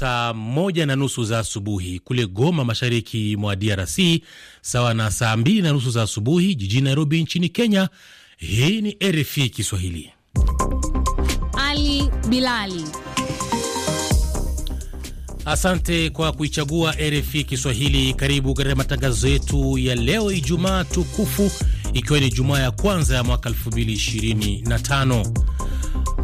saa moja na nusu za asubuhi kule Goma, mashariki mwa DRC, sawa na saa mbili na nusu za asubuhi jijini Nairobi, nchini Kenya. Hii ni RFI Kiswahili. Ali Bilali, asante kwa kuichagua RFI Kiswahili. Karibu katika matangazo yetu ya leo, Ijumaa tukufu, ikiwa ni Jumaa ya kwanza ya mwaka 2025.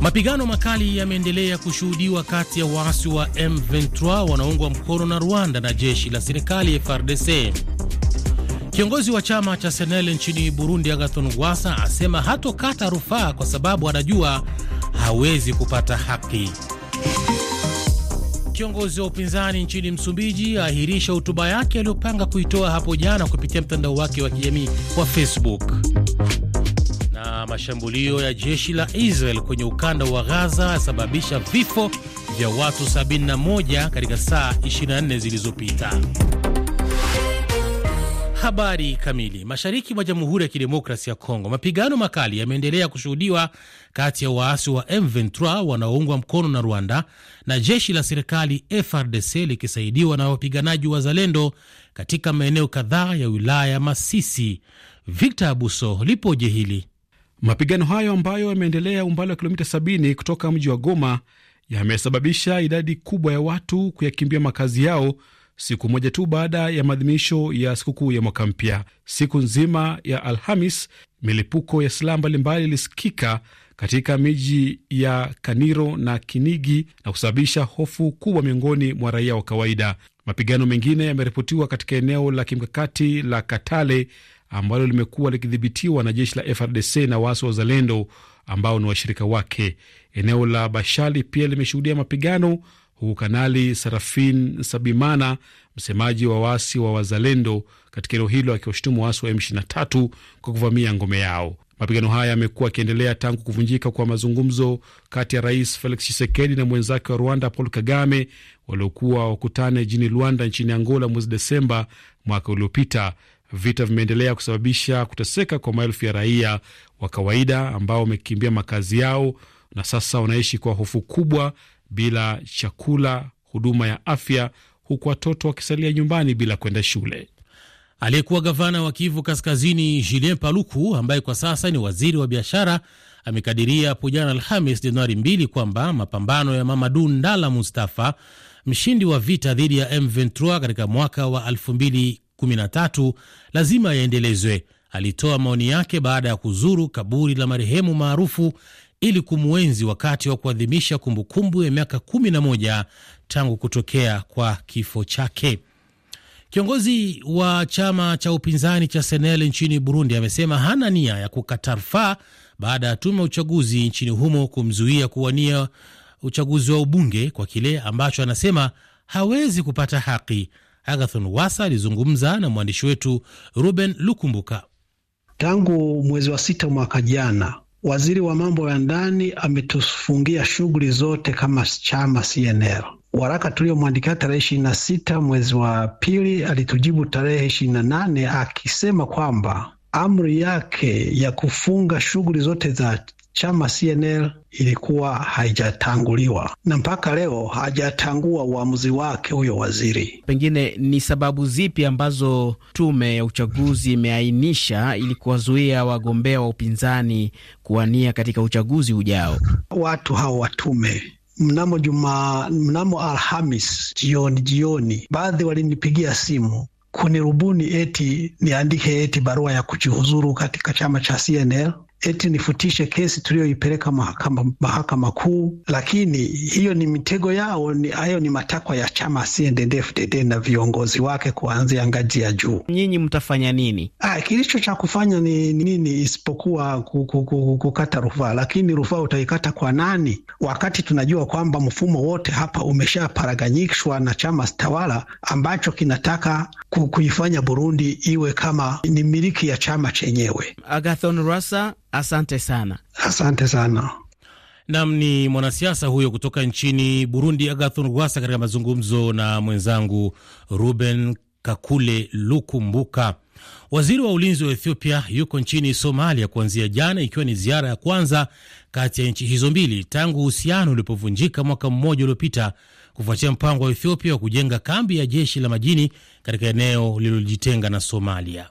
Mapigano makali yameendelea kushuhudiwa kati ya waasi wa M23 wanaoungwa mkono na Rwanda na jeshi la serikali FARDC. Kiongozi wa chama cha Senel nchini Burundi, Agathon Rwasa, asema hatokata rufaa kwa sababu anajua hawezi kupata haki. Kiongozi wa upinzani nchini Msumbiji aahirisha hotuba yake aliyopanga kuitoa hapo jana kupitia mtandao wake wa kijamii wa Facebook mashambulio ya jeshi la Israel kwenye ukanda wa Gaza yasababisha vifo vya watu 71 katika saa 24 zilizopita. Habari kamili. Mashariki mwa Jamhuri ya Kidemokrasi ya Kongo, mapigano makali yameendelea kushuhudiwa kati ya waasi wa M23 wanaoungwa mkono na Rwanda na jeshi la serikali FRDC likisaidiwa na wapiganaji wa Zalendo katika maeneo kadhaa ya wilaya Masisi. Victor Abuso lipoje hili Mapigano hayo ambayo yameendelea umbali wa kilomita 70 kutoka mji wa Goma yamesababisha idadi kubwa ya watu kuyakimbia makazi yao siku moja tu baada ya maadhimisho ya sikukuu ya mwaka mpya. Siku nzima ya Alhamis, milipuko ya silaha mbalimbali ilisikika katika miji ya Kaniro na Kinigi na kusababisha hofu kubwa miongoni mwa raia wa kawaida. Mapigano mengine yameripotiwa katika eneo la kimkakati la Katale ambalo limekuwa likidhibitiwa na jeshi la FRDC na waasi wa Uzalendo ambao ni washirika wake. Eneo la Bashali pia limeshuhudia mapigano huku Kanali Sarafin Sabimana, msemaji wa waasi wa Wazalendo katika eneo hilo, akiwashutumu waasi wa M23 kwa kuvamia ngome yao. Mapigano haya yamekuwa yakiendelea tangu kuvunjika kwa mazungumzo kati ya Rais Felix Tshisekedi na mwenzake wa Rwanda Paul Kagame waliokuwa wakutane jijini Luanda nchini Angola mwezi Desemba mwaka uliopita. Vita vimeendelea kusababisha kuteseka kwa maelfu ya raia wa kawaida ambao wamekimbia makazi yao na sasa wanaishi kwa hofu kubwa, bila chakula, huduma ya afya, huku watoto wakisalia nyumbani bila kwenda shule. Aliyekuwa gavana wa Kivu Kaskazini Julien Paluku, ambaye kwa sasa ni waziri wa biashara, amekadiria hapo jana Alhamis Januari 2 kwamba mapambano ya Mamadu Ndala Mustafa, mshindi wa vita dhidi ya M23 katika mwaka wa 13 lazima yaendelezwe. Alitoa maoni yake baada ya kuzuru kaburi la marehemu maarufu ili kumwenzi wakati wa kuadhimisha kumbukumbu ya miaka 11 tangu kutokea kwa kifo chake. Kiongozi wa chama cha upinzani cha Senel nchini Burundi amesema hana nia ya kukata rufaa baada ya tume ya uchaguzi nchini humo kumzuia kuwania uchaguzi wa ubunge kwa kile ambacho anasema hawezi kupata haki. Agathon Wasa alizungumza na mwandishi wetu Ruben Lukumbuka. Tangu mwezi wa sita mwaka jana, waziri wa mambo ya ndani ametufungia shughuli zote kama chama CNL. Waraka tuliyomwandikia tarehe ishirini na sita mwezi wa pili alitujibu tarehe ishirini na nane akisema kwamba amri yake ya kufunga shughuli zote za chama CNL ilikuwa haijatanguliwa na mpaka leo hajatangua uamuzi wake huyo waziri. Pengine ni sababu zipi ambazo tume ya uchaguzi imeainisha ili kuwazuia wagombea wa upinzani kuwania katika uchaguzi ujao? Watu hao wa tume mnamo juma, mnamo Alhamis jioni jioni, baadhi walinipigia simu kunirubuni eti niandike eti barua ya kujihuzuru katika chama cha CNL eti nifutishe kesi tuliyoipeleka mahakama, mahakama kuu. Lakini hiyo ni mitego yao, ni hayo ni matakwa ya chama CNDD-FDD na viongozi wake kuanzia ngazi ya juu. Nyinyi mtafanya nini? Ah, kilicho cha kufanya ni nini isipokuwa kukata rufaa? Lakini rufaa utaikata kwa nani, wakati tunajua kwamba mfumo wote hapa umeshaparaganyishwa na chama tawala ambacho kinataka kuifanya Burundi iwe kama ni miliki ya chama chenyewe. Agathon Asante sana, asante sana. Nam ni mwanasiasa huyo kutoka nchini Burundi, Agathon Rwasa, katika mazungumzo na mwenzangu Ruben Kakule Lukumbuka. Waziri wa ulinzi wa Ethiopia yuko nchini Somalia kuanzia jana, ikiwa ni ziara ya kwanza kati ya nchi hizo mbili tangu uhusiano ulipovunjika mwaka mmoja uliopita kufuatia mpango wa Ethiopia wa kujenga kambi ya jeshi la majini katika eneo lililojitenga na Somalia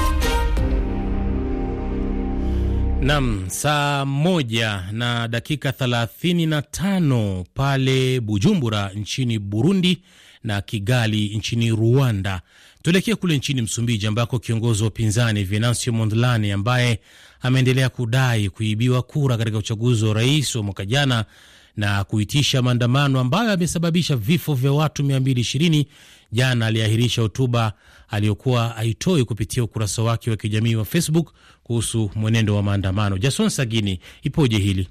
Nam, saa moja na dakika thelathini na tano pale Bujumbura nchini Burundi na Kigali nchini Rwanda. Tuelekee kule nchini Msumbiji ambako kiongozi wa upinzani Venancio Mondlane ambaye ameendelea kudai kuibiwa kura katika uchaguzi wa rais wa mwaka jana na kuitisha maandamano ambayo yamesababisha vifo vya watu 220. Jana aliahirisha hotuba aliyokuwa aitoi kupitia ukurasa wake wa kijamii wa Facebook kuhusu mwenendo wa maandamano. Jason Sagini, ipoje hili?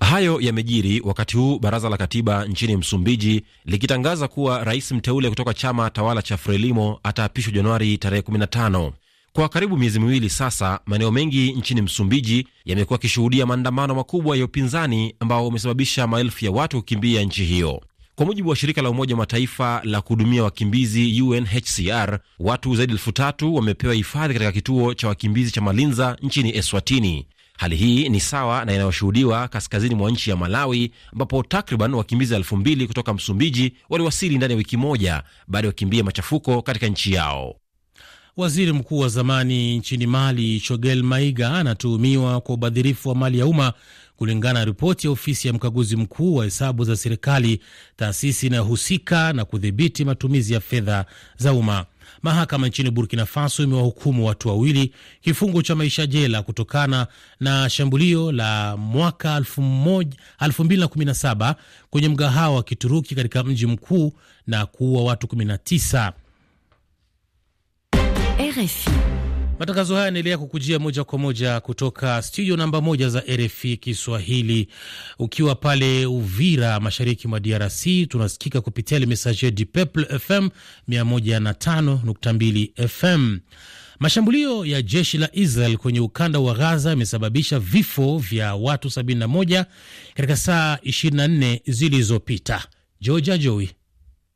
Hayo yamejiri wakati huu baraza la katiba nchini Msumbiji likitangaza kuwa rais mteule kutoka chama tawala cha Frelimo ataapishwa Januari tarehe 15. Kwa karibu miezi miwili sasa, maeneo mengi nchini Msumbiji yamekuwa yakishuhudia maandamano makubwa ya upinzani ambao umesababisha maelfu ya watu kukimbia nchi hiyo. Kwa mujibu wa shirika la Umoja wa Mataifa la kuhudumia wakimbizi UNHCR, watu zaidi elfu tatu wamepewa hifadhi katika kituo cha wakimbizi cha Malinza nchini Eswatini. Hali hii ni sawa na inayoshuhudiwa kaskazini mwa nchi ya Malawi, ambapo takriban wakimbizi elfu mbili kutoka Msumbiji waliwasili ndani ya wiki moja baada ya kukimbia machafuko katika nchi yao. Waziri mkuu wa zamani nchini Mali, Chogel Maiga, anatuhumiwa kwa ubadhirifu wa mali ya umma, kulingana na ripoti ya ofisi ya mkaguzi mkuu wa hesabu za serikali, taasisi inayohusika na kudhibiti matumizi ya fedha za umma. Mahakama nchini Burkina Faso imewahukumu watu wawili kifungo cha maisha jela kutokana na shambulio la mwaka 2017 kwenye mgahawa wa Kituruki katika mji mkuu na kuua watu 19. RFI. Matangazo haya yanaendelea kukujia moja kwa moja kutoka studio namba moja za RFI Kiswahili, ukiwa pale Uvira, mashariki mwa DRC. Tunasikika kupitia Le Messager du Peuple FM 105.2 FM. Mashambulio ya jeshi la Israel kwenye ukanda wa Gaza yamesababisha vifo vya watu 71 katika saa 24 zilizopita. Georgia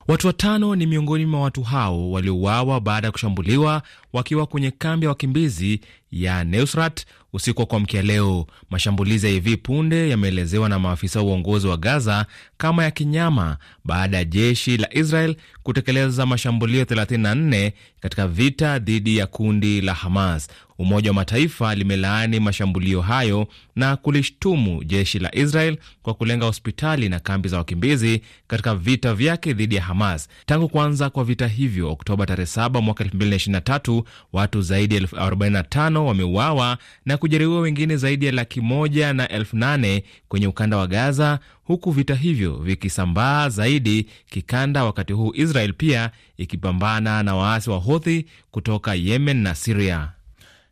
Watu watano ni miongoni mwa watu hao waliouawa baada ya kushambuliwa wakiwa kwenye kambi ya wakimbizi ya neusrat Usiku wa kuamkia leo, mashambulizi ya hivi punde yameelezewa na maafisa wa uongozi wa Gaza kama ya kinyama baada ya jeshi la Israel kutekeleza mashambulio 34 katika vita dhidi ya kundi la Hamas. Umoja wa Mataifa limelaani mashambulio hayo na kulishtumu jeshi la Israel kwa kulenga hospitali na kambi za wakimbizi katika vita vyake dhidi ya Hamas. Tangu kuanza kwa vita hivyo Oktoba tarehe 7 mwaka 2023, watu zaidi ya 45 wameuawa na kujeruhiwa wengine zaidi ya laki moja na elfu nane kwenye ukanda wa Gaza, huku vita hivyo vikisambaa zaidi kikanda, wakati huu Israel pia ikipambana na waasi wa Houthi kutoka Yemen na Siria.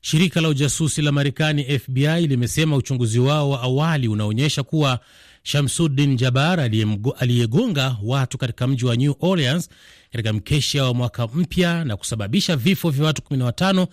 Shirika la ujasusi la Marekani FBI limesema uchunguzi wao wa awali unaonyesha kuwa Shamsuddin Jabar aliyegonga watu katika mji wa New Orleans katika mkesha wa mwaka mpya na kusababisha vifo vya watu 1w5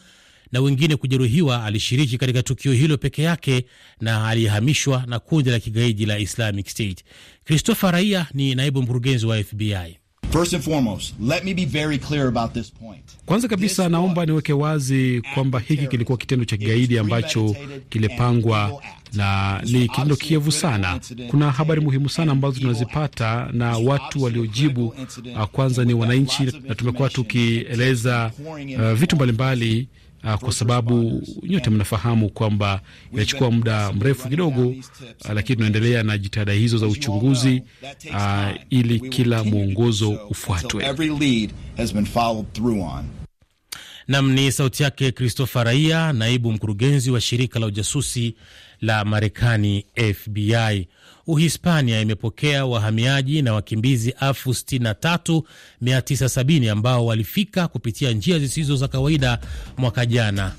na wengine kujeruhiwa, alishiriki katika tukio hilo peke yake na aliyehamishwa na kundi la kigaidi la Islamic State. Christopher Raia ni naibu mkurugenzi wa FBI. First and foremost, let me be very clear about this point. Kwanza kabisa naomba niweke wazi kwamba hiki kilikuwa kitendo cha kigaidi ambacho kilipangwa na ni kitendo kievu sana. Kuna habari muhimu sana ambazo tunazipata na watu waliojibu ah, kwanza ni wananchi, na tumekuwa tukieleza uh, vitu mbalimbali Ah, kwa sababu nyote mnafahamu kwamba inachukua muda mrefu kidogo, ah, lakini tunaendelea na jitihada hizo za uchunguzi ah, ili kila mwongozo ufuatwe. Nam ni sauti yake Christopher Raia, naibu mkurugenzi wa shirika la ujasusi la Marekani, FBI. Uhispania imepokea wahamiaji na wakimbizi elfu 63,970 ambao walifika kupitia njia zisizo za kawaida mwaka jana.